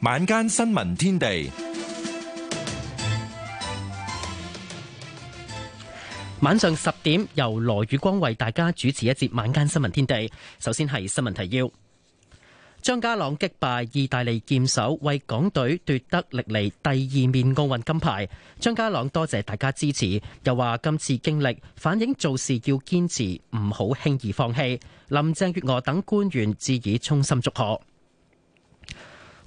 晚間新聞天地，晚上十點由羅宇光為大家主持一節晚間新聞天地。首先係新聞提要：張家朗擊敗意大利劍手，為港隊奪得歷嚟第二面奧運金牌。張家朗多謝大家支持，又話今次經歷反映做事要堅持，唔好輕易放棄。林鄭月娥等官員致以衷心祝賀。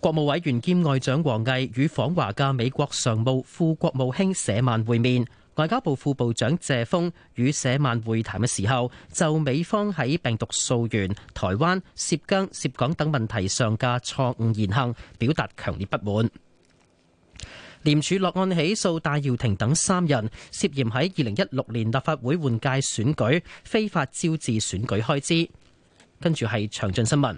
國務委員兼外長王毅與訪華嘅美國常務副國務卿舍曼會面，外交部副部長謝鋒與舍曼會談嘅時候，就美方喺病毒溯源、台灣、涉疆、涉港等問題上嘅錯誤言行，表達強烈不滿。廉署落案起訴戴耀廷等三人涉嫌喺二零一六年立法會換屆選舉非法招致選舉開支。跟住係詳盡新聞。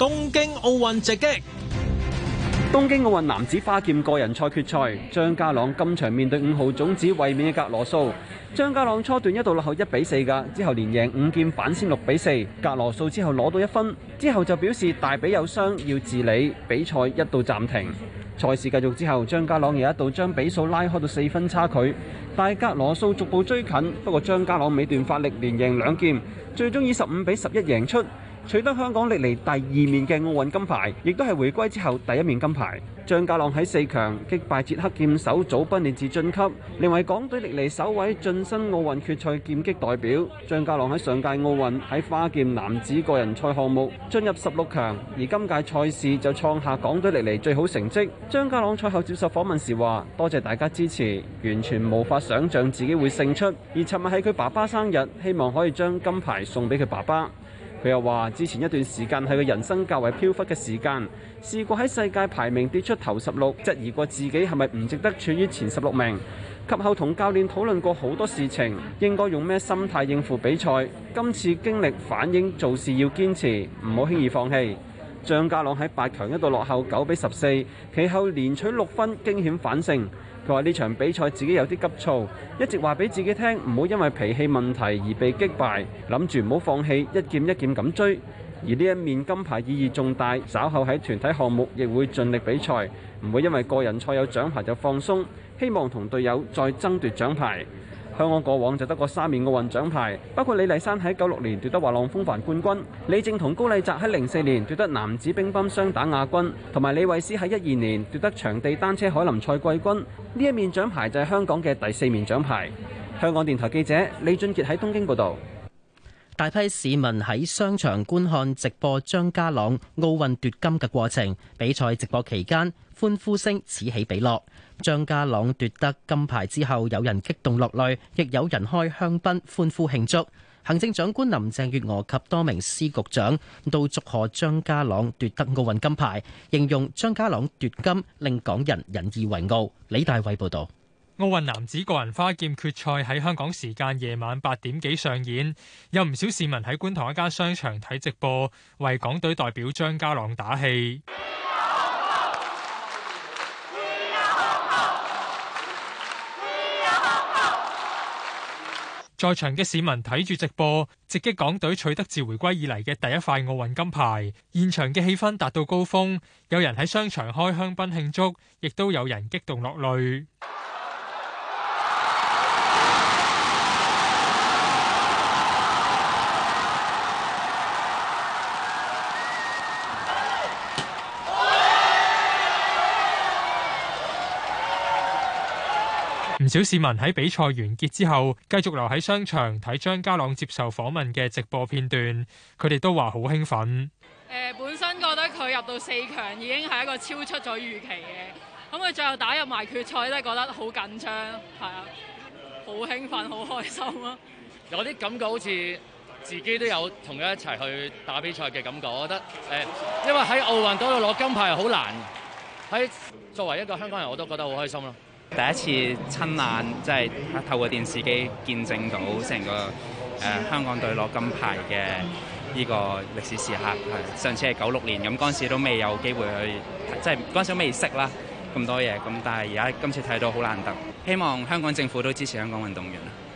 東京奧運直擊。東京奧運男子花劍個人賽決賽，張家朗今場面對五號種子衛冕嘅格羅素。張家朗初段一度落後一比四㗎，之後連贏五劍反先六比四。格羅素之後攞到一分，之後就表示大髀有傷要治理，比賽一度暫停。賽事繼續之後，張家朗又一度將比數拉開到四分差距，但格羅素逐步追近。不過張家朗尾段發力連贏兩劍，最終以十五比十一贏出。取得香港歷嚟第二面嘅奧運金牌，亦都係回歸之後第一面金牌。張家朗喺四強擊敗捷克劍手祖賓列治晉級，成為港隊歷嚟首位晉身奧運決賽劍擊代表。張家朗喺上屆奧運喺花劍男子個人賽項目進入十六強，而今屆賽事就創下港隊歷嚟最好成績。張家朗賽後接受訪問時話：多謝大家支持，完全無法想像自己會勝出。而尋日係佢爸爸生日，希望可以將金牌送俾佢爸爸。佢又話：之前一段時間係佢人生較為飄忽嘅時間，試過喺世界排名跌出頭十六，質疑過自己係咪唔值得處於前十六名。及後同教練討論過好多事情，應該用咩心態應付比賽。今次經歷反映做事要堅持，唔好輕易放棄。張家朗喺八強一度落後九比十四，其後連取六分，驚險反勝。喺呢場比賽自己有啲急躁，一直話俾自己聽唔好因為脾氣問題而被擊敗，諗住唔好放棄，一劍一劍咁追。而呢一面金牌意義重大，稍後喺團體項目亦會盡力比賽，唔會因為個人賽有獎牌就放鬆，希望同隊友再爭奪獎牌。香港過往就得過三面奧運獎牌，包括李麗珊喺九六年奪得滑浪風帆冠軍，李靜同高麗澤喺零四年奪得男子乒乓雙打亞軍，同埋李慧詩喺一二年奪得場地單車凱林賽季軍。呢一面獎牌就係香港嘅第四面獎牌。香港電台記者李俊傑喺東京報道。大批市民喺商場觀看直播張家朗奧運奪金嘅過程。比賽直播期間，歡呼聲此起彼落。張家朗奪得金牌之後，有人激動落淚，亦有人開香檳歡呼慶祝。行政長官林鄭月娥及多名司局長都祝賀張家朗奪得奧運金牌，形容張家朗奪金令港人引以為傲。李大偉報導。奧運男子個人花劍決賽喺香港時間夜晚八點幾上演，有唔少市民喺觀塘一間商場睇直播，為港隊代表張家朗打氣。在場嘅市民睇住直播，直擊港隊取得自回歸以嚟嘅第一塊奧運金牌，現場嘅氣氛達到高峰，有人喺商場開香檳慶祝，亦都有人激動落淚。唔少市民喺比賽完結之後，繼續留喺商場睇張家朗接受訪問嘅直播片段。佢哋都話好興奮。誒、呃，本身覺得佢入到四強已經係一個超出咗預期嘅，咁、嗯、佢最後打入埋決賽都覺得好緊張，係啊，好興奮，好開心咯、啊。有啲感覺好似自己都有同佢一齊去打比賽嘅感覺。我覺得誒、呃，因為喺奧運嗰度攞金牌好難，喺作為一個香港人我都覺得好開心咯、啊。第一次親眼即係、就是、透過電視機見證到成個誒、呃、香港隊攞金牌嘅呢個歷史時刻，係上次係九六年，咁嗰陣時都未有機會去，即係嗰陣時都未識啦咁多嘢，咁但係而家今次睇到好難得，希望香港政府都支持香港運動員。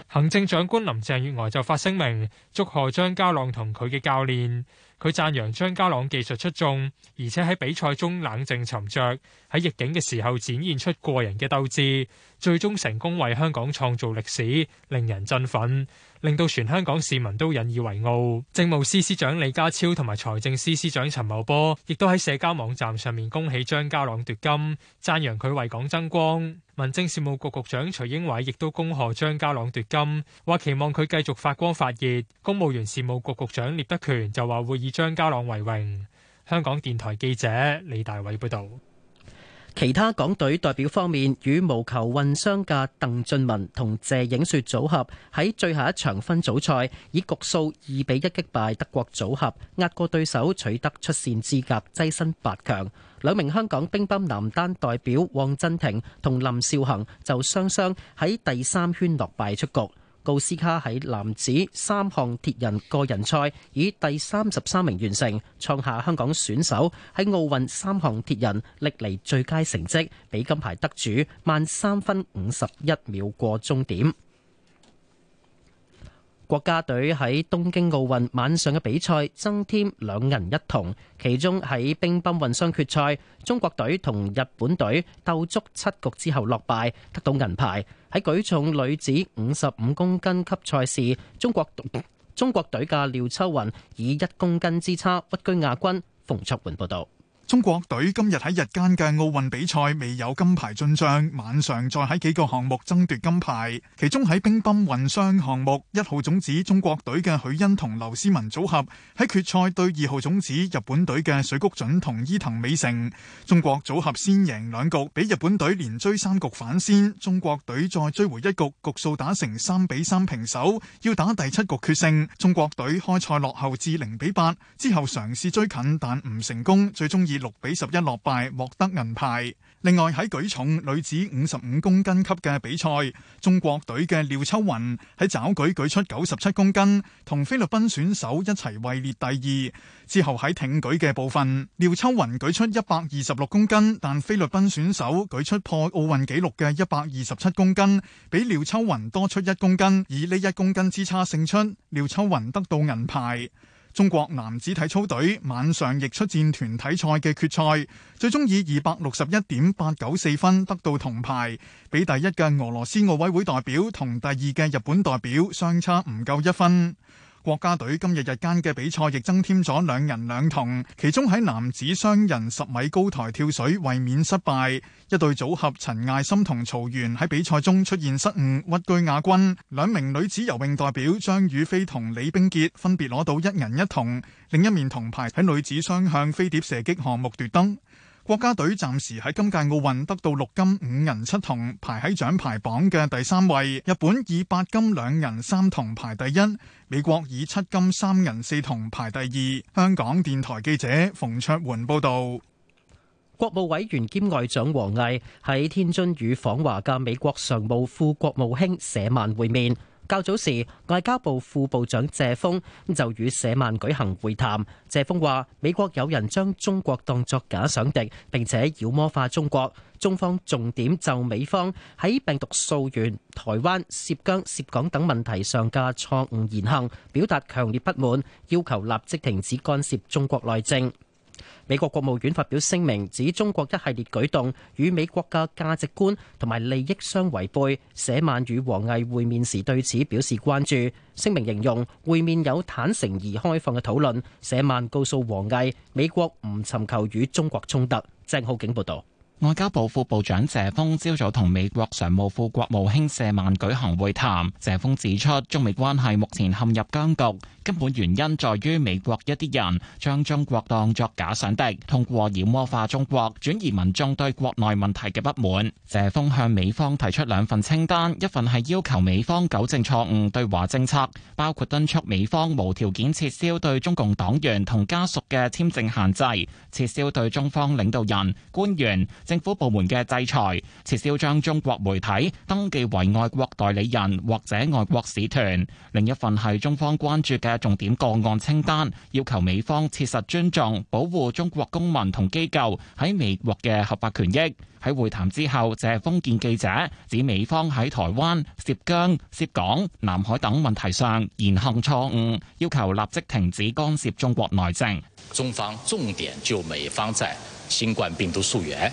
行政長官林鄭月娥就發聲明，祝賀張家朗同佢嘅教練。佢讚揚張家朗技術出眾，而且喺比賽中冷靜沉着，喺逆境嘅時候展現出過人嘅鬥志，最終成功為香港創造歷史，令人振奮。令到全香港市民都引以為傲。政務司司長李家超同埋財政司司長陳茂波亦都喺社交網站上面恭喜張家朗奪金，讚揚佢為港爭光。民政事務局局長徐英偉亦都恭賀張家朗奪金，話期望佢繼續發光發熱。公務員事務局局長聶德權就話會以張家朗為榮。香港電台記者李大偉報導。其他港隊代表方面，羽毛球混雙嘅鄧俊文同謝影雪組合喺最後一場分組賽以局數二比一擊敗德國組合，壓過對手取得出線資格，躋身八強。兩名香港乒乓男單代表黃鎮廷同林兆恒就雙雙喺第三圈落敗出局。奧斯卡喺男子三項鐵人個人賽以第三十三名完成，創下香港選手喺奧運三項鐵人歷嚟最佳成績，比金牌得主慢三分五十一秒過終點。國家隊喺東京奧運晚上嘅比賽增添兩銀一銅，其中喺乒乓混雙決賽，中國隊同日本隊鬥足七局之後落敗，得到銀牌。喺舉重女子五十五公斤級賽事，中國隊中國隊嘅廖秋雲以一公斤之差屈居亞軍。馮卓媛報導。中國隊今日喺日間嘅奧運比賽未有金牌進賬，晚上再喺幾個項目爭奪金牌。其中喺乒乓混雙項目，一號種子中國隊嘅許昕同劉詩雯組合喺決賽對二號種子日本隊嘅水谷隼同伊藤美誠。中國組合先贏兩局，俾日本隊連追三局反先。中國隊再追回一局，局數打成三比三平手，要打第七局決勝。中國隊開賽落後至零比八，之後嘗試追近但唔成功，最終以。六比十一落敗，獲得銀牌。另外喺舉重女子五十五公斤級嘅比賽，中國隊嘅廖秋雲喺抓舉舉出九十七公斤，同菲律賓選手一齊位列第二。之後喺挺舉嘅部分，廖秋雲舉出一百二十六公斤，但菲律賓選手舉出破奧運紀錄嘅一百二十七公斤，比廖秋雲多出一公斤，以呢一公斤之差勝出，廖秋雲得到銀牌。中國男子體操隊晚上亦出戰團體賽嘅決賽，最終以二百六十一點八九四分得到銅牌，比第一嘅俄羅斯奧委會代表同第二嘅日本代表相差唔夠一分。國家隊今日日間嘅比賽亦增添咗兩人兩銅。其中喺男子雙人十米高台跳水衛冕失敗，一對組合陳艾森同曹緣喺比賽中出現失誤屈居亞軍；兩名女子游泳代表張雨霏同李冰潔分別攞到一銀一銅。另一面銅牌喺女子雙向飛碟射擊項目奪登。國家隊暫時喺今屆奧運得到六金五銀七銅，排喺獎牌榜嘅第三位。日本以八金兩銀三銅排第一，美國以七金三銀四銅排第二。香港電台記者馮卓桓報道。國務委員兼外長王毅喺天津與訪華嘅美國常務副國務卿舍曼會面。較早時，外交部副部長謝鋒就與舍曼舉行會談。謝鋒話：美國有人將中國當作假想敵，並且妖魔化中國。中方重點就美方喺病毒溯源、台灣、涉疆、涉港等問題上嘅錯誤言行，表達強烈不滿，要求立即停止干涉中國內政。美國國務院發表聲明，指中國一系列舉動與美國嘅價值觀同埋利益相違背。舍曼與王毅會面時對此表示關注。聲明形容會面有坦誠而開放嘅討論。舍曼告訴王毅，美國唔尋求與中國衝突。鄭浩景報道。外交部副部長謝鋒朝早同美國常務副國務卿舍曼舉行會談。謝鋒指出，中美關係目前陷入僵局，根本原因在於美國一啲人將中國當作假想敵，通過妖魔化中國，轉移民眾對國內問題嘅不滿。謝鋒向美方提出兩份清單，一份係要求美方糾正錯誤對華政策，包括敦促美方無條件撤銷對中共黨員同家屬嘅簽證限制，撤銷對中方領導人、官員政府部門嘅制裁，撤銷將中國媒體登記為外國代理人或者外國使團。另一份係中方關注嘅重點個案清單，要求美方切實尊重、保護中國公民同機構喺美國嘅合法權益。喺會談之後，謝鋒見記者指美方喺台灣、涉疆、涉港、南海等問題上言行錯誤，要求立即停止干涉中國內政。中方重點就美方在新冠病毒溯源，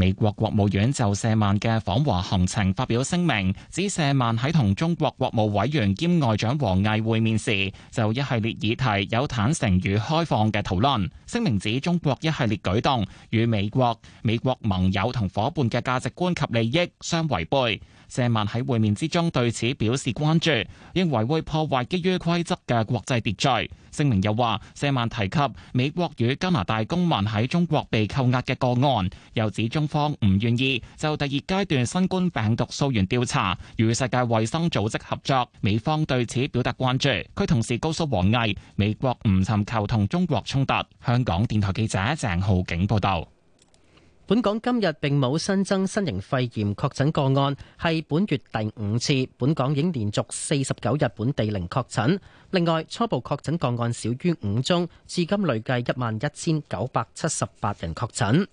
美國國務院就謝曼嘅訪華行程發表聲明，指謝曼喺同中國國務委員兼外長王毅會面時，就一系列議題有坦誠與開放嘅討論。聲明指中國一系列舉動與美國、美國盟友同伙伴嘅價值觀及利益相違背。謝曼喺會面之中對此表示關注，認為會破壞基於規則嘅國際秩序。聲明又話，謝曼提及美國與加拿大公民喺中國被扣押嘅個案，又指中方唔願意就第二階段新冠病毒溯源調查與世界衛生組織合作，美方對此表達關注。佢同時告訴王毅，美國唔尋求同中國衝突。香港電台記者鄭浩景報道。本港今日並冇新增新型肺炎確診個案，係本月第五次。本港已經連續四十九日本地零確診。另外，初步確診個案少於五宗，至今累計一萬一千九百七十八人確診。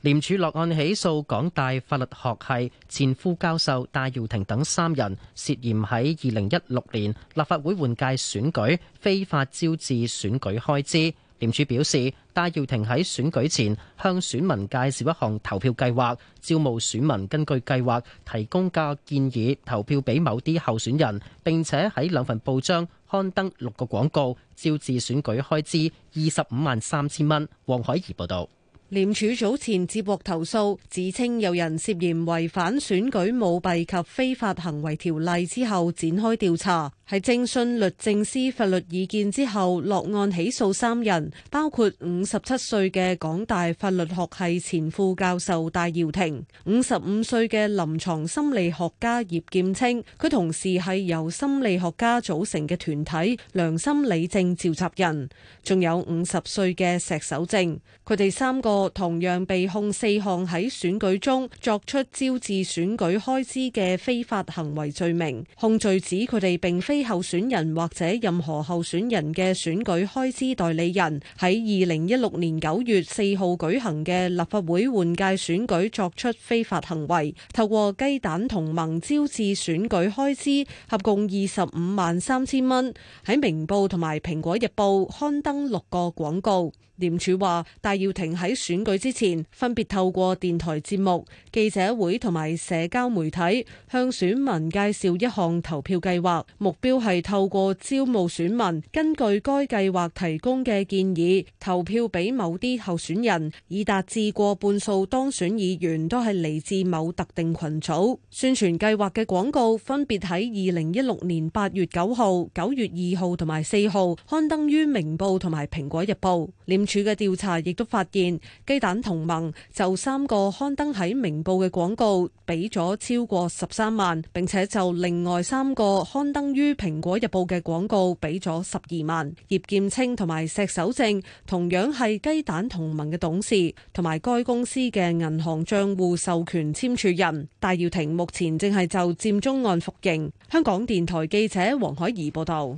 廉署落案起訴港大法律學系前副教授戴耀廷等三人，涉嫌喺二零一六年立法會換屆選舉非法招致選舉開支。廉署表示，戴耀廷喺選舉前向選民介紹一項投票計劃，招募選民根據計劃提供嘅建議投票俾某啲候選人，並且喺兩份報章刊登六個廣告，招致選舉開支二十五萬三千蚊。黃海怡報導。廉署早前接獲投訴，指稱有人涉嫌違反選舉舞弊及非法行為條例之後，展開調查。喺徵詢律政司法律意見之後，落案起訴三人，包括五十七歲嘅港大法律學系前副教授戴耀廷、五十五歲嘅臨床心理學家葉劍清，佢同時係由心理學家組成嘅團體良心理政召集人，仲有五十歲嘅石守正。佢哋三個同樣被控四項喺選舉中作出招致選舉開支嘅非法行為罪名，控罪指佢哋並非。非候選人或者任何候選人嘅選舉開支代理人，喺二零一六年九月四號舉行嘅立法會換屆選舉作出非法行為，透過雞蛋同盟招致選舉開支合共二十五萬三千蚊，喺明報同埋蘋果日報刊登六個廣告。廉署話，戴耀廷喺選舉之前，分別透過電台節目、記者會同埋社交媒體，向選民介紹一項投票計劃，目標係透過招募選民，根據該計劃提供嘅建議，投票俾某啲候選人，以達至過半數當選議員都係嚟自某特定群組。宣傳計劃嘅廣告分別喺二零一六年八月九號、九月二號同埋四號刊登於《明報》同埋《蘋果日報》。處嘅調查亦都發現，雞蛋同盟就三個刊登喺明報嘅廣告俾咗超過十三萬，並且就另外三個刊登於蘋果日報嘅廣告俾咗十二萬。葉劍清同埋石守正同樣係雞蛋同盟嘅董事，同埋該公司嘅銀行賬戶授權簽署人。戴耀廷目前正係就佔中案服刑。香港電台記者黃海怡報道，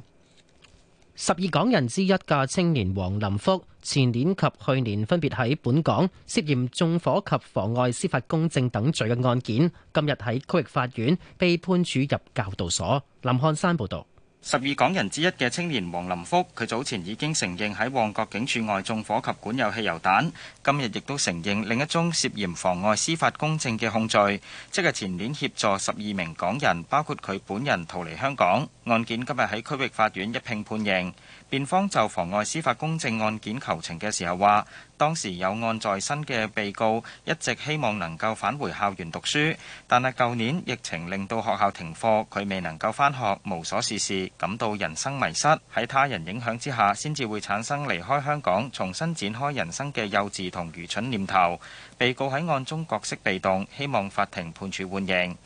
十二港人之一嘅青年黃林福，前年及去年分別喺本港涉嫌縱火及妨礙司法公正等罪嘅案件，今日喺區域法院被判處入教導所。林漢山報導。十二港人之一嘅青年王林福，佢早前已經承認喺旺角警署外縱火及管有汽油彈，今日亦都承認另一宗涉嫌妨礙司法公正嘅控罪，即係前年協助十二名港人，包括佢本人逃離香港。案件今日喺區域法院一併判刑。辯方就妨礙司法公正案件求情嘅時候話，當時有案在身嘅被告一直希望能夠返回校園讀書，但係舊年疫情令到學校停課，佢未能夠翻學，無所事事。感到人生迷失，喺他人影響之下，先至會產生離開香港、重新展開人生嘅幼稚同愚蠢念頭。被告喺案中角色被動，希望法庭判處緩刑。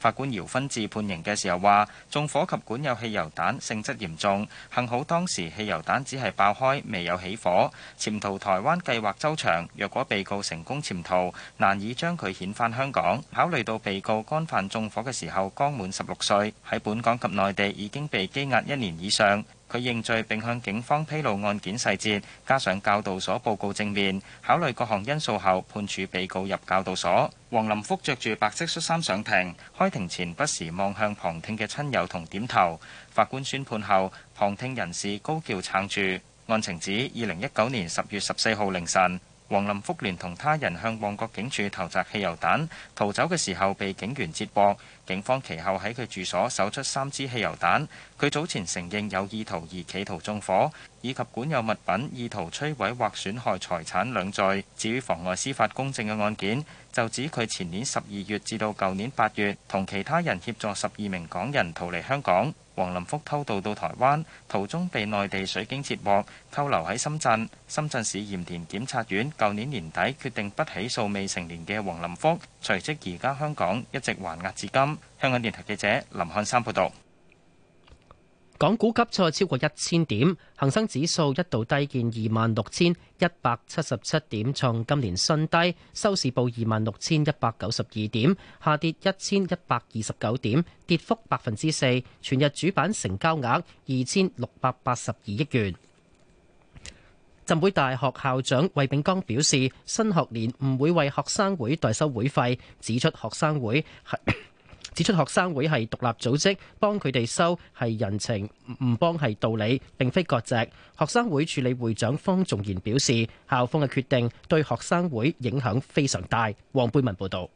法官姚勳智判刑嘅時候話，縱火及管有汽油彈性質嚴重，幸好當時汽油彈只係爆開未有起火。潛逃台灣計劃周詳，若果被告成功潛逃，難以將佢遣返香港。考慮到被告干犯縱火嘅時候剛滿十六歲，喺本港及內地已經被羈押一年以上。佢認罪並向警方披露案件細節，加上教導所報告正面，考慮各項因素後，判處被告入教導所。黃林福着住白色恤衫上庭，開庭前不時望向旁聽嘅親友同點頭。法官宣判後，旁聽人士高叫撐住。案情指，二零一九年十月十四號凌晨，黃林福聯同他人向旺角警署投擲汽油彈，逃走嘅時候被警員截獲。警方其後喺佢住所搜出三支汽油彈。佢早前承認有意圖而企圖縱火，以及管有物品意圖摧毀或損害財產兩罪。至於妨礙司法公正嘅案件，就指佢前年十二月至到舊年八月同其他人協助十二名港人逃離香港。黃林福偷渡到台灣，途中被內地水警截獲，扣留喺深圳。深圳市鹽田檢察院舊年年底決定不起訴未成年嘅黃林福，隨即移交香港，一直還押至今。香港電台記者林漢山報道。港股急挫超過一千點，恒生指數一度低見二萬六千一百七十七點，創今年新低，收市報二萬六千一百九十二點，下跌一千一百二十九點，跌幅百分之四。全日主板成交額二千六百八十二億元。浸會大學校長魏炳剛表示，新學年唔會為學生會代收會費，指出學生會係 指出學生會係獨立組織，幫佢哋收係人情，唔幫係道理，並非割席。學生會處理會長方仲賢表示，校方嘅決定對學生會影響非常大。黃貝文報導。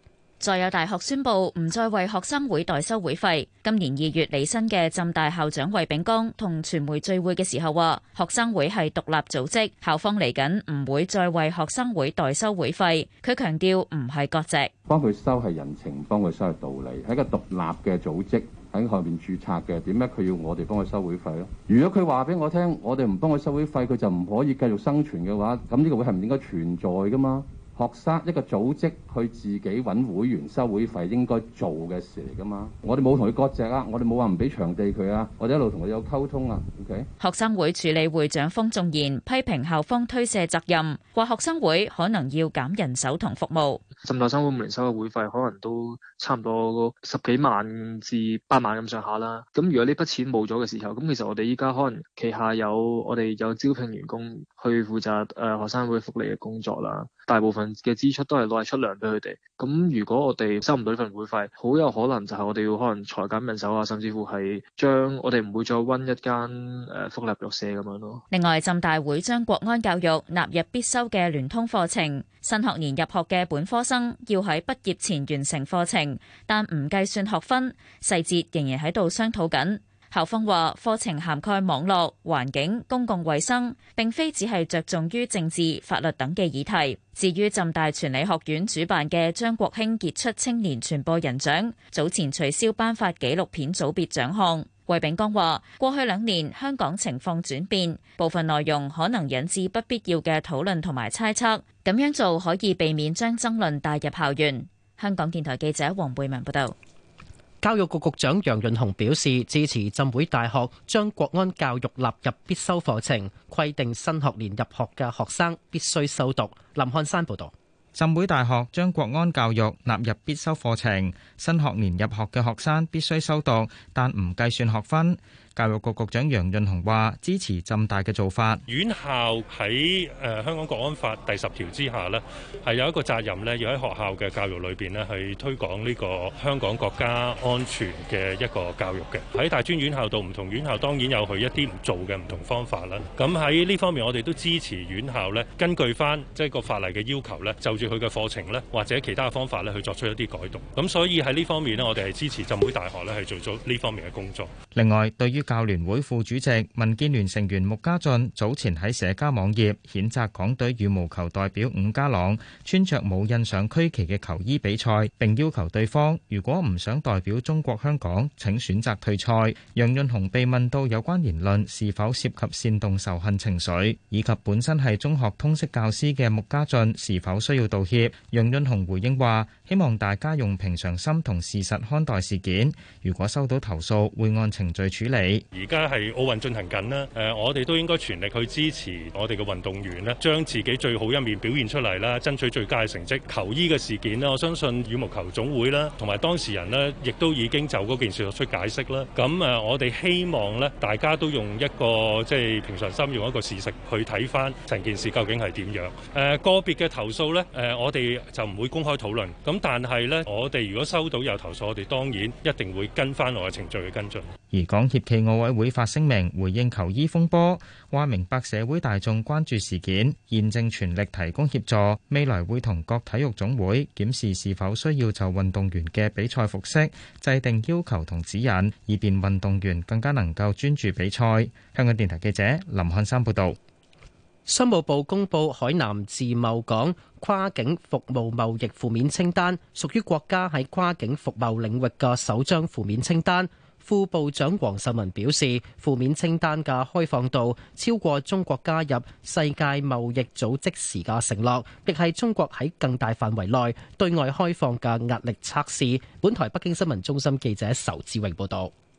再有大學宣布唔再為學生會代收會費。今年二月履新嘅浸大校長衞炳江同傳媒聚會嘅時候話：學生會係獨立組織，校方嚟緊唔會再為學生會代收會費。佢強調唔係割席，幫佢收係人情，幫佢收係道理，係一個獨立嘅組織，喺下面註冊嘅。點解佢要我哋幫佢收會費咧？如果佢話俾我聽，我哋唔幫佢收會費，佢就唔可以繼續生存嘅話，咁呢個會係唔應該存在噶嘛？學生一個組織去自己揾會員收會費應該做嘅事嚟㗎嘛，我哋冇同佢割席啊，我哋冇話唔俾場地佢啊，我哋一路同佢有溝通啊。學生會處理會長方仲賢批評校方推卸責任，話學生會可能要減人手同服務。浸大學生會每年收嘅會費可能都差唔多十幾萬至八萬咁上下啦，咁如果呢筆錢冇咗嘅時候，咁其實我哋依家可能旗下有我哋有招聘員工。去負責誒學生會福利嘅工作啦，大部分嘅支出都係攞嚟出糧俾佢哋。咁如果我哋收唔到份會費，好有可能就係我哋要可能裁減人手啊，甚至乎係將我哋唔會再温一間誒福利藥社咁樣咯。另外，浸大會將國安教育納入必修嘅聯通課程，新學年入學嘅本科生要喺畢業前完成課程，但唔計算學分，細節仍然喺度商討緊。校方話課程涵蓋網絡、環境、公共衛生，並非只係着重於政治、法律等嘅議題。至於浸大傳理學院主辦嘅張國興傑出青年傳播人獎，早前取消頒發紀錄片組別獎項。衛炳江話，過去兩年香港情況轉變，部分內容可能引致不必要嘅討論同埋猜測，咁樣做可以避免將爭論帶入校園。香港電台記者黃貝文報道。教育局局長楊潤雄表示，支持浸會大學將國安教育納入必修課程，規定新學年入學嘅學生必須修讀。林漢山報道：浸會大學將國安教育納入必修課程，新學年入學嘅學生必須修讀，但唔計算學分。教育局局長楊潤雄話：支持浸大嘅做法。院校喺誒香港國安法第十條之下呢，係有一個責任呢，要喺學校嘅教育裏邊呢，去推廣呢個香港國家安全嘅一個教育嘅。喺大專院校度唔同院校，當然有佢一啲唔做嘅唔同方法啦。咁喺呢方面，我哋都支持院校咧，根據翻即係個法例嘅要求呢，就住佢嘅課程咧，或者其他嘅方法呢，去作出一啲改動。咁所以喺呢方面呢，我哋係支持浸會大學呢，係做咗呢方面嘅工作。另外，對於教聯會副主席、民建聯成員穆家俊早前喺社交網頁譴責港隊羽毛球代表伍家朗穿著冇印上區旗嘅球衣比賽，並要求對方如果唔想代表中國香港，請選擇退賽。楊潤雄被問到有關言論是否涉及煽動仇恨情緒，以及本身係中學通識教師嘅穆家俊是否需要道歉，楊潤雄回應話：希望大家用平常心同事實看待事件，如果收到投訴，會按程序處理。而家係奧運進行緊啦，誒，我哋都應該全力去支持我哋嘅運動員呢，將自己最好一面表現出嚟啦，爭取最佳嘅成績。球衣嘅事件呢，我相信羽毛球總會啦，同埋當事人呢，亦都已經就嗰件事作出解釋啦。咁誒，我哋希望呢，大家都用一個即係平常心，用一個事實去睇翻成件事究竟係點樣。誒，個別嘅投訴呢，誒，我哋就唔會公開討論。咁但係呢，我哋如果收到有投訴，我哋當然一定會跟翻我嘅程序去跟進。而港協傾。奧委會發聲明回應球衣風波，話明白社會大眾關注事件，現正全力提供協助，未來會同各體育總會檢視是否需要就運動員嘅比賽服飾制定要求同指引，以便運動員更加能夠專注比賽。香港電台記者林漢山報道。商務部公布海南自貿港跨境服務貿易負面清單，屬於國家喺跨境服務領域嘅首張負面清單。副部長黃秀文表示，負面清單嘅開放度超過中國加入世界貿易組織時嘅承諾，亦係中國喺更大範圍內對外開放嘅壓力測試。本台北京新聞中心記者仇志榮報道。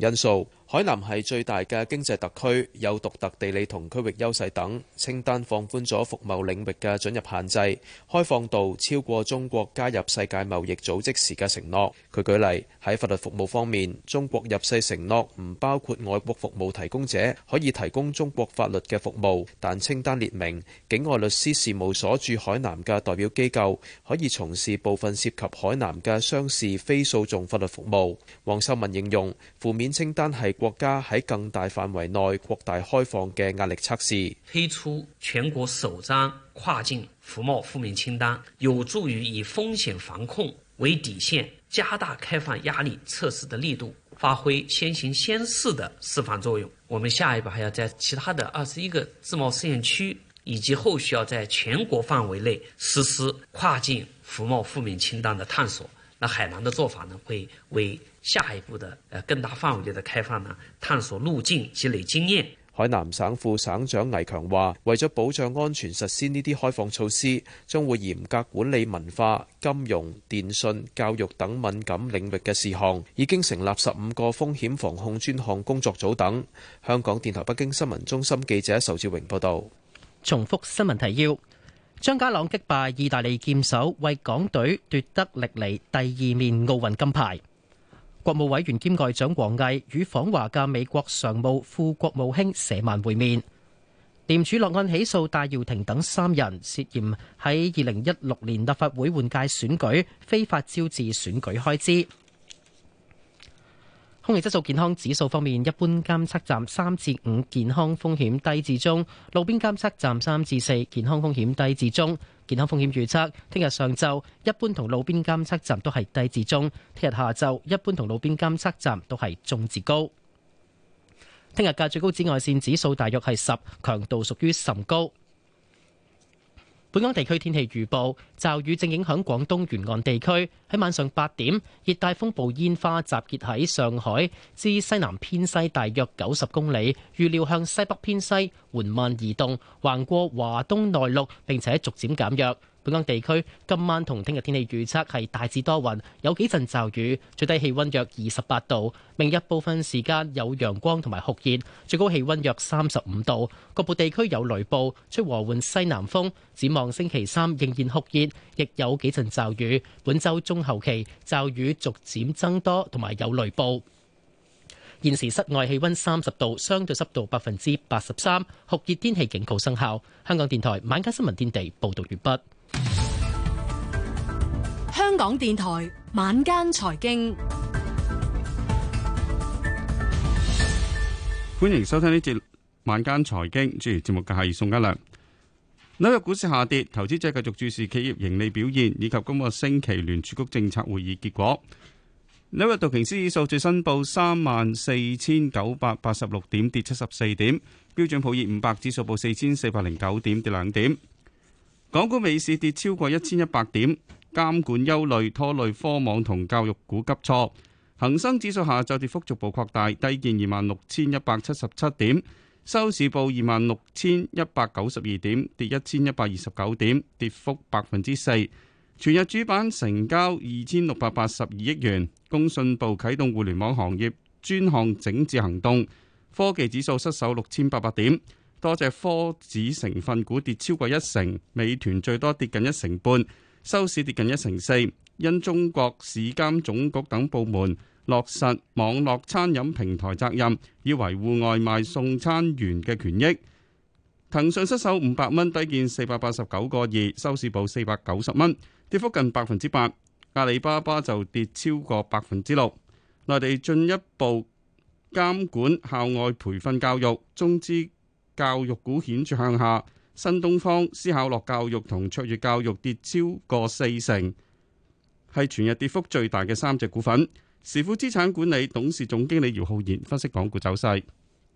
因素。海南係最大嘅經濟特區，有獨特地理同區域優勢等清單，放寬咗服貿領域嘅准入限制，開放度超過中國加入世界貿易組織時嘅承諾。佢舉例喺法律服務方面，中國入世承諾唔包括外國服務提供者可以提供中國法律嘅服務，但清單列明境外律師事務所駐海南嘅代表機構可以從事部分涉及海南嘅商事非訴訟法律服務。黃秀文形容負面清單係。國家喺更大範圍內擴大開放嘅壓力測試，推出全國首張跨境服貿負面清單，有助於以風險防控為底線，加大開放壓力測試的力度，發揮先行先試的示範作用。我們下一步還要在其他的二十一個自貿試驗區，以及後續要在全國範圍內實施跨境服貿負面清單的探索。海南的做法呢，會為下一步的更大範圍內的開放呢，探索路徑、積累經驗。海南省副省長魏強話，為咗保障安全，實施呢啲開放措施，將會嚴格管理文化、金融、電訊、教育等敏感領域嘅事項，已經成立十五個風險防控專項工作組等。香港電台北京新聞中心記者仇志榮報道。重複新聞提要。張家朗擊敗意大利劍手，為港隊奪得歷嚟第二面奧運金牌。國務委員兼外長王毅與訪華嘅美國常務副國務卿舍曼會面。店主落案起訴戴耀廷等三人涉嫌喺二零一六年立法會換屆選舉非法招致選舉開支。空氣質素健康指數方面，一般監測站三至五，健康風險低至中；路邊監測站三至四，健康風險低至中。健康風險預測：聽日上晝一般同路邊監測站都係低至中；聽日下晝一般同路邊監測站都係中至高。聽日嘅最高紫外線指數大約係十，強度屬於甚高。本港地區天氣預報，驟雨正影響廣東沿岸地區。喺晚上八點，熱帶風暴煙花集結喺上海，至西南偏西大約九十公里，預料向西北偏西，緩慢移動，橫過華東內陸，並且逐漸減弱。本港地區今晚同聽日天氣預測係大致多雲，有幾陣驟雨，最低氣溫約二十八度。明日部分時間有陽光同埋酷熱，最高氣溫約三十五度。局部地區有雷暴，吹和緩西南風。展望星期三仍然酷熱，亦有幾陣驟雨。本周中後期驟雨逐漸增多，同埋有雷暴。現時室外氣溫三十度，相對濕度百分之八十三，酷熱天氣警告生效。香港電台晚間新聞天地報道完畢。香港電台晚間財經，歡迎收聽呢節晚間財經主持節目嘅係宋嘉良。紐約股市下跌，投資者繼續注視企業盈利表現以及今個星期聯儲局政策會議結果。紐約道瓊斯指數最新報三萬四千九百八十六點，跌七十四點；標準普爾五百指數報四千四百零九點，跌兩點。港股尾市跌超過一千一百點。監管憂慮拖累科網同教育股急挫，恒生指數下晝跌幅逐步擴大，低見二萬六千一百七十七點，收市報二萬六千一百九十二點，跌一千一百二十九點，跌幅百分之四。全日主板成交二千六百八十二億元。工信部啟動互聯網行業專項整治行動，科技指數失守六千八百點，多隻科指成分股跌超過一成，美團最多跌近一成半。收市跌近一成四，因中國市監總局等部門落實網絡餐飲平台責任，以維護外賣送餐員嘅權益。騰訊失守五百蚊，低見四百八十九個二，收市報四百九十蚊，跌幅近百分之八。阿里巴巴就跌超過百分之六。內地進一步監管校外培訓教育，中資教育股顯著向下。新東方、思考樂教育同卓越教育跌超過四成，係全日跌幅最大嘅三隻股份。時富資產管理董事總經理姚浩然分析港股走勢。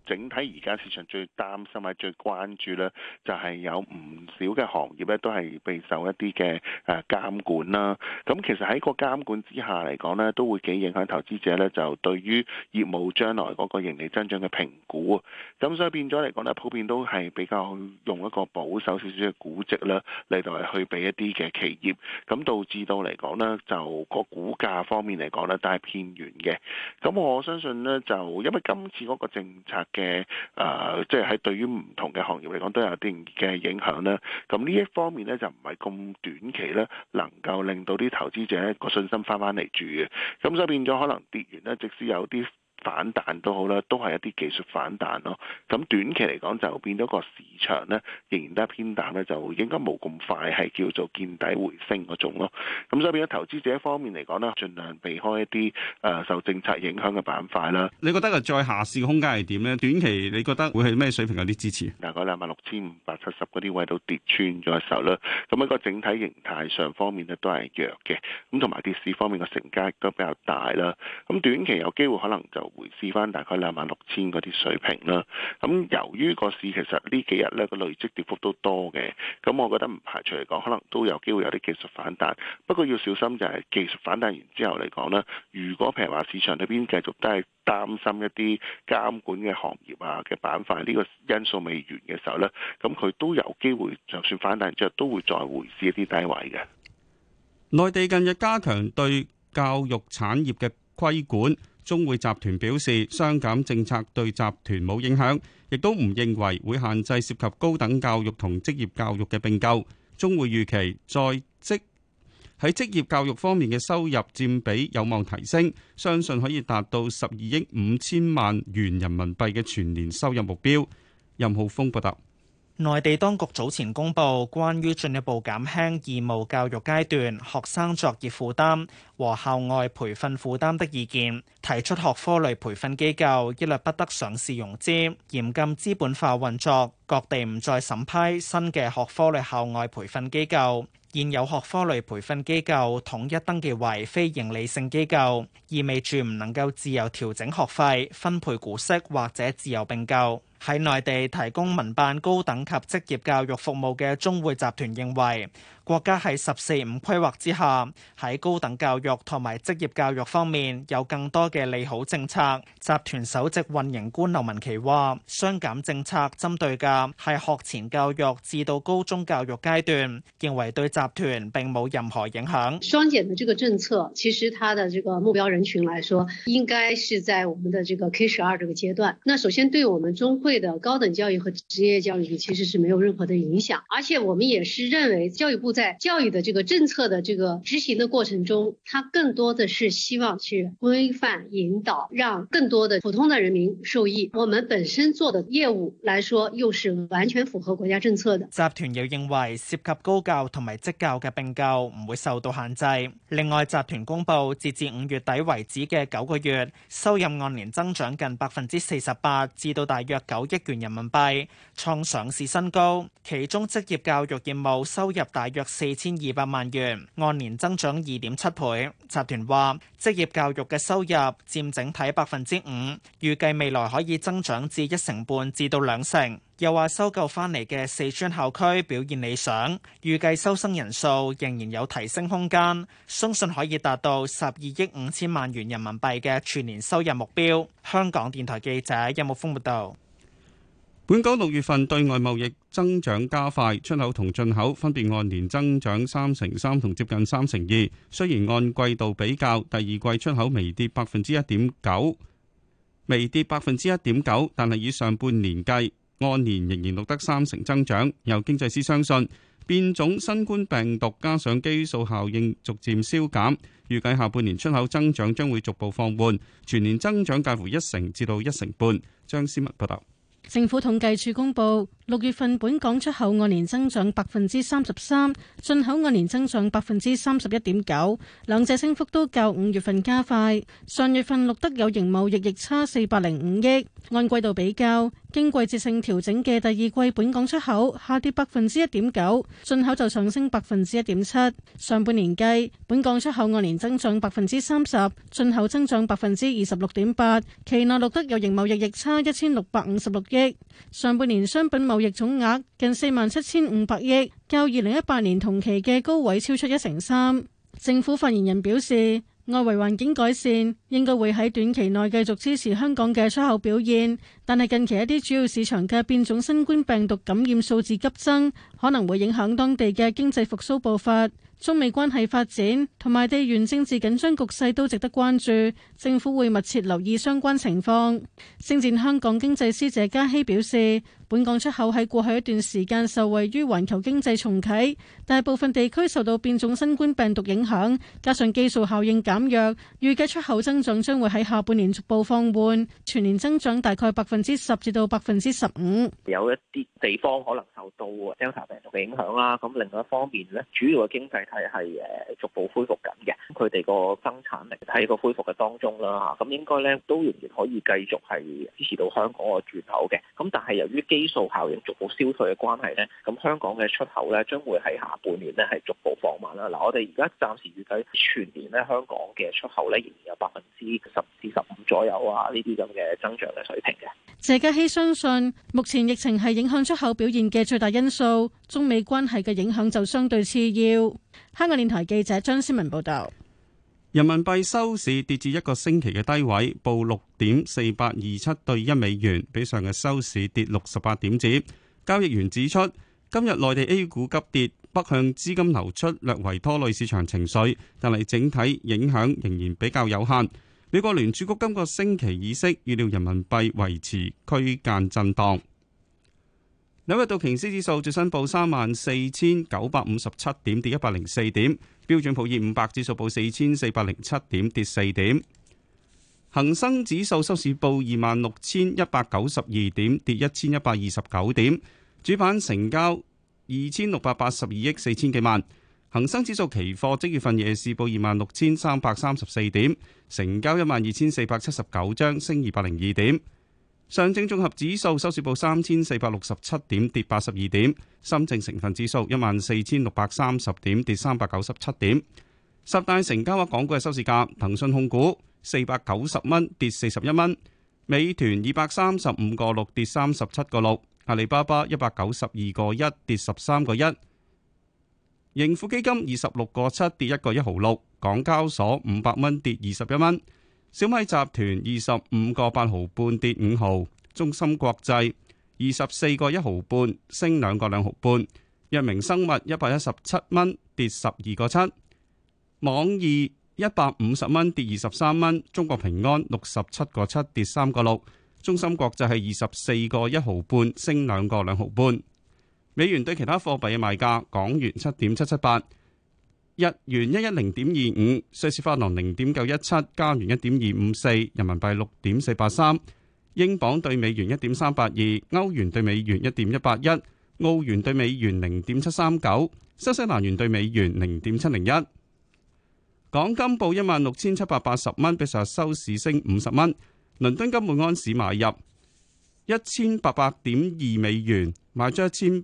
整體而家市場最擔心或者最關注咧，就係有唔少嘅行業咧，都係備受一啲嘅誒監管啦。咁其實喺個監管之下嚟講咧，都會幾影響投資者咧，就對於業務將來嗰個盈利增長嘅評估。咁所以變咗嚟講咧，普遍都係比較用一個保守少少嘅估值啦，嚟到去俾一啲嘅企業，咁導致到嚟講呢，就個股價方面嚟講呢，都係偏軟嘅。咁我相信呢，就因為今次嗰個政策。嘅、呃、啊，即係喺對於唔同嘅行業嚟講，都有啲嘅影響啦。咁呢一方面咧就唔係咁短期咧，能夠令到啲投資者個信心翻翻嚟住嘅。咁所以變咗可能跌完咧，即使有啲。反彈都好啦，都係一啲技術反彈咯。咁短期嚟講就變咗個市場呢，仍然都係偏淡呢，就應該冇咁快係叫做見底回升嗰種咯。咁所以變咗投資者方面嚟講咧，盡量避開一啲誒、呃、受政策影響嘅板塊啦。你覺得個再下市嘅空間係點呢？短期你覺得會係咩水平有啲支持？嗱，嗰兩萬六千五百七十嗰啲位都跌穿咗嘅時候呢，咁、那、一個整體形態上方面呢，都係弱嘅。咁同埋跌市方面嘅成交亦都比較大啦。咁短期有機會可能就～回試翻大概兩萬六千嗰啲水平啦。咁由於個市其實呢幾日呢個累積跌幅都多嘅，咁我覺得唔排除嚟講，可能都有機會有啲技術反彈。不過要小心就係技術反彈完之後嚟講咧，如果譬如話市場裏邊繼續都係擔心一啲監管嘅行業啊嘅板塊呢個因素未完嘅時候呢，咁佢都有機會就算反彈完之後都會再回試一啲低位嘅。內地近日加強對教育產業嘅規管。中匯集團表示，雙減政策對集團冇影響，亦都唔認為會限制涉及高等教育同職業教育嘅併購。中匯預期在職喺職業教育方面嘅收入佔比有望提升，相信可以達到十二億五千萬元人民幣嘅全年收入目標。任浩峰報道。內地當局早前公布關於進一步減輕義務教育階段學生作業負擔和校外培訓負擔的意見，提出學科類培訓機構一律不得上市融資，嚴禁資本化運作，各地唔再審批新嘅學科類校外培訓機構，現有學科類培訓機構統一登記為非營利性機構，意味住唔能夠自由調整學費、分配股息或者自由並購。喺內地提供民辦高等及職業教育服務嘅中匯集團認為，國家喺十四五規劃之下，喺高等教育同埋職業教育方面有更多嘅利好政策。集團首席運營官劉文琪話，雙減政策針對嘅係學前教育至到高中教育階段，認為對集團並冇任何影響。雙減的這個政策，其實它的這個目標人群來說，應該是在我們的這個 K 十二這個階段。那首先對我們中匯的高等教育和職業教育，其實是沒有任何的影響。而且我們也是認為教育部。在教育的這個政策的這個執行的過程中，他更多的是希望去規範引導，讓更多的普通的人民受益。我們本身做的業務來說，又是完全符合國家政策的。集團又認為涉及高教同埋職教嘅併購唔會受到限制。另外，集團公布截至五月底為止嘅九個月收入按年增長近百分之四十八，至到大約九億元人民幣，創上市新高。其中職業教育業務，業務收入大約，四千二百萬元，按年增長二點七倍。集團話職業教育嘅收入佔整體百分之五，預計未來可以增長至一成半至到兩成。又話收購翻嚟嘅四川校區表現理想，預計收生人數仍然有提升空間，相信可以達到十二億五千萬元人民幣嘅全年收入目標。香港電台記者任木豐報道。本港六月份對外貿易增長加快，出口同進口分別按年增長三成三同接近三成二。雖然按季度比較，第二季出口微跌百分之一點九，微跌百分之一點九，但係以上半年計，按年仍然錄得三成增長。有經濟師相信，變種新冠病毒加上基數效應逐漸消減，預計下半年出口增長將會逐步放緩，全年增長介乎一成至到一成半。張思文報道。政府統計處公布，六月份本港出口按年增長百分之三十三，進口按年增長百分之三十一點九，兩者升幅都較五月份加快。上月份錄得有形貿易逆差四百零五億，按季度比較，經季節性調整嘅第二季本港出口下跌百分之一點九，進口就上升百分之一點七。上半年計，本港出口按年增長百分之三十，進口增長百分之二十六點八，期內錄得有形貿易逆差一千六百五十六億。上半年商品貿貿易總額近四萬七千五百億，較二零一八年同期嘅高位超出一成三。政府發言人表示，外圍環境改善應該會喺短期內繼續支持香港嘅出口表現，但係近期一啲主要市場嘅變種新冠病毒感染數字急增，可能會影響當地嘅經濟復蘇步伐。中美關係發展同埋地緣政治緊張局勢都值得關注，政府會密切留意相關情況。星展香港經濟師謝嘉熙表示。本港出口喺過去一段時間受惠於環球經濟重啟，大部分地區受到變種新冠病毒影響，加上基數效應減弱，預計出口增長將會喺下半年逐步放緩，全年增長大概百分之十至到百分之十五。有一啲地方可能受到 Delta 病毒嘅影響啦，咁另外一方面咧，主要嘅經濟體係誒逐步恢復緊嘅，佢哋個生產力喺個恢復嘅當中啦，咁應該咧都仍然可以繼續係支持到香港嘅出口嘅，咁但係由於基基數效應逐步消退嘅關係呢，咁香港嘅出口呢，將會喺下半年呢係逐步放慢啦。嗱，我哋而家暫時預計全年呢，香港嘅出口呢，仍然有百分之十至十五左右啊，呢啲咁嘅增長嘅水平嘅。謝家希相信，目前疫情係影響出口表現嘅最大因素，中美關係嘅影響就相對次要。香港電台記者張思文報道。人民幣收市跌至一個星期嘅低位，報六點四八二七兌一美元，比上日收市跌六十八點子。交易員指出，今日內地 A 股急跌，北向資金流出略為拖累市場情緒，但係整體影響仍然比較有限。美國聯儲局今個星期議息，預料人民幣維持區間震盪。兩位道瓊斯指數最新報三萬四千九百五十七點，跌一百零四點。標準普爾五百指數報四千四百零七點，跌四點。恒生指數收市報二萬六千一百九十二點，跌一千一百二十九點。主板成交二千六百八十二億四千幾萬。恒生指數期貨即月份夜市報二萬六千三百三十四點，成交一萬二千四百七十九張，升二百零二點。上證綜合指數收市報三千四百六十七點，跌八十二點；深證成分指數一萬四千六百三十點，跌三百九十七點。十大成交額港股嘅收市價：騰訊控股四百九十蚊，跌四十一蚊；美團二百三十五個六，跌三十七個六；阿里巴巴一百九十二個一，跌十三個一；盈富基金二十六個七，跌一個一毫六；港交所五百蚊，跌二十一蚊。小米集團二十五個八毫半，跌五毫，中芯國際二十四個一毫半，升兩個兩毫半，藥明生物一百一十七蚊，跌十二個七，網易一百五十蚊，跌二十三蚊，中國平安六十七個七，跌三個六，中芯國際係二十四個一毫半，升兩個兩毫半，美元對其他貨幣嘅賣價，港元七點七七八。日元一一零點二五，瑞士法郎零點九一七，加元一點二五四，人民幣六點四八三，英鎊兌美元一點三八二，歐元兌美元一點一八一，澳元兌美元零點七三九，新西蘭元兌美元零點七零一。港金報一萬六千七百八十蚊，比上日收市升五十蚊。倫敦金每安士買入一千八百點二美元，買咗一千。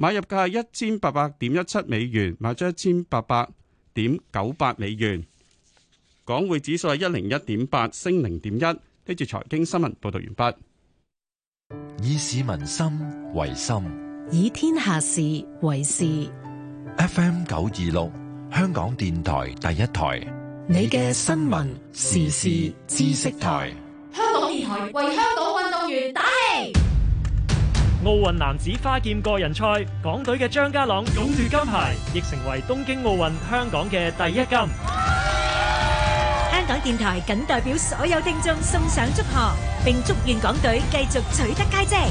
買入價一千八百點一七美元，買咗一千八百點九八美元。港匯指數係一零一點八升零點一。跟住財經新聞報道完畢。以市民心為心，以天下事為事。F M 九二六，香港電台第一台。你嘅新聞時事知識台。香港電台為香港運動員打氣。奧運男子花劍個人賽，港隊嘅張家朗勇奪金牌，亦成為東京奧運香港嘅第一金。香港電台僅代表所有聽眾送上祝賀，並祝願港隊繼續取得佳績。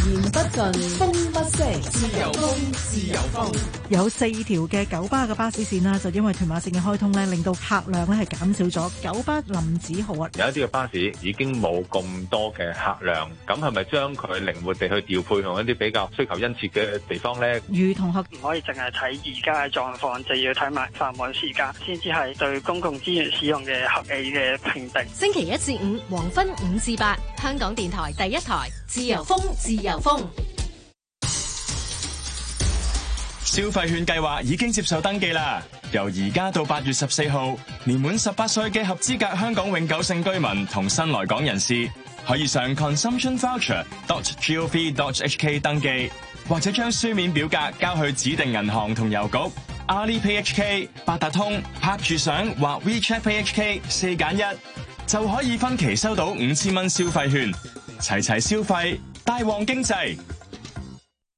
言不盡風。即係自由風，自由風。有四條嘅九巴嘅巴士綫啦，就因為屯馬綫嘅開通咧，令到客量咧係減少咗。九巴林子豪啊，有一啲嘅巴士已經冇咁多嘅客量，咁係咪將佢靈活地去調配，同一啲比較需求殷切嘅地方咧？余同學唔可以淨係睇而家嘅狀況，就要睇埋繁忙時間，先至係對公共資源使用嘅合理嘅評定。星期一至五黃昏五至八，香港電台第一台，自由風，自由風。消費券計劃已經接受登記啦！由而家到八月十四號，年滿十八歲嘅合資格香港永久性居民同新來港人士，可以上 consumptionvoucher.dot.gov.hk 登記，或者將書面表格交去指定銀行同郵局，AlipayHK、八達通拍住賞或 WeChat PayHK 四揀一，k, 1，就可以分期收到五千蚊消費券，齊齊消費，大旺經濟。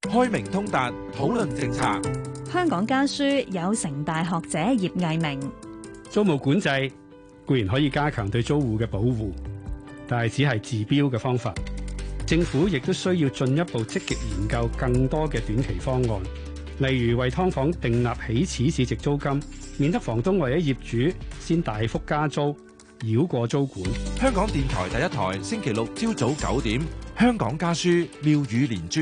開明通達，討論政策。香港家書有成大學者葉毅明。租務管制固然可以加強對租戶嘅保護，但係只係治標嘅方法。政府亦都需要進一步積極研究更多嘅短期方案，例如為劏房訂立起始市值租金，免得房東為咗業主先大幅加租，繞過租管。香港電台第一台星期六朝早九點，《香港家書》妙語連珠。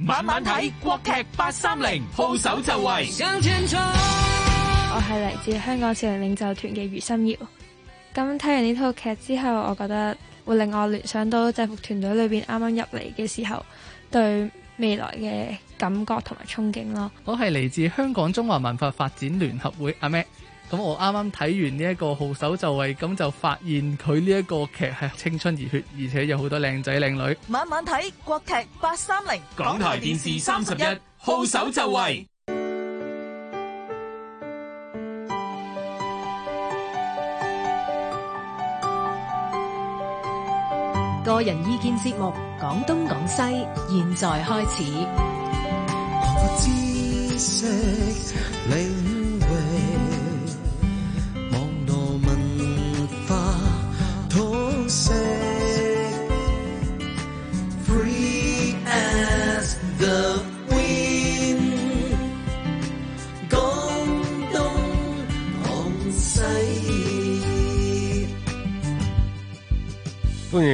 慢慢睇國劇八三零，號手就位。我係嚟自香港少年領，領袖團嘅余心瑤。咁睇完呢套劇之後，我覺得會令我聯想到制服團隊裏邊啱啱入嚟嘅時候，對未來嘅感覺同埋憧憬咯。我係嚟自香港中華文化發展聯合會阿 May。咁我啱啱睇完呢一個號手就位，咁就發現佢呢一個劇係青春熱血，而且有好多靚仔靚女。晚晚睇國劇八三零，港台電視三十一，號手就位。個人意見節目，講東講西，現在開始。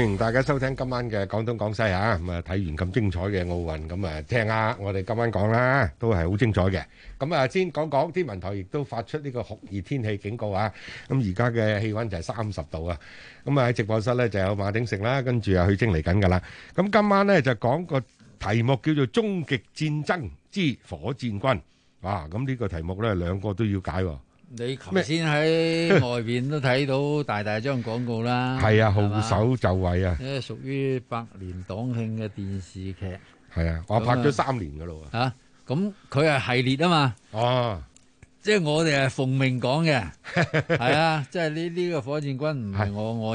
歡迎大家收聽今晚嘅廣東廣西吓咁啊睇完咁精彩嘅奧運咁啊聽下我哋今晚講啦都係好精彩嘅咁啊先講講天文台亦都發出呢個酷熱天氣警告啊咁而家嘅氣温就係三十度啊咁啊喺直播室咧就有馬鼎盛啦跟住啊許晶嚟緊噶啦咁今晚咧就講個題目叫做終極戰爭之火箭軍啊咁呢個題目咧兩個都要解喎。你頭先喺外邊都睇到大大張廣告啦，係啊，號手就位啊！誒，屬於百年黨慶嘅電視劇，係啊，我拍咗三年嘅咯喎嚇，咁佢係系列啊嘛，哦，即係我哋係奉命講嘅，係啊，即係呢呢個火箭軍唔係我我。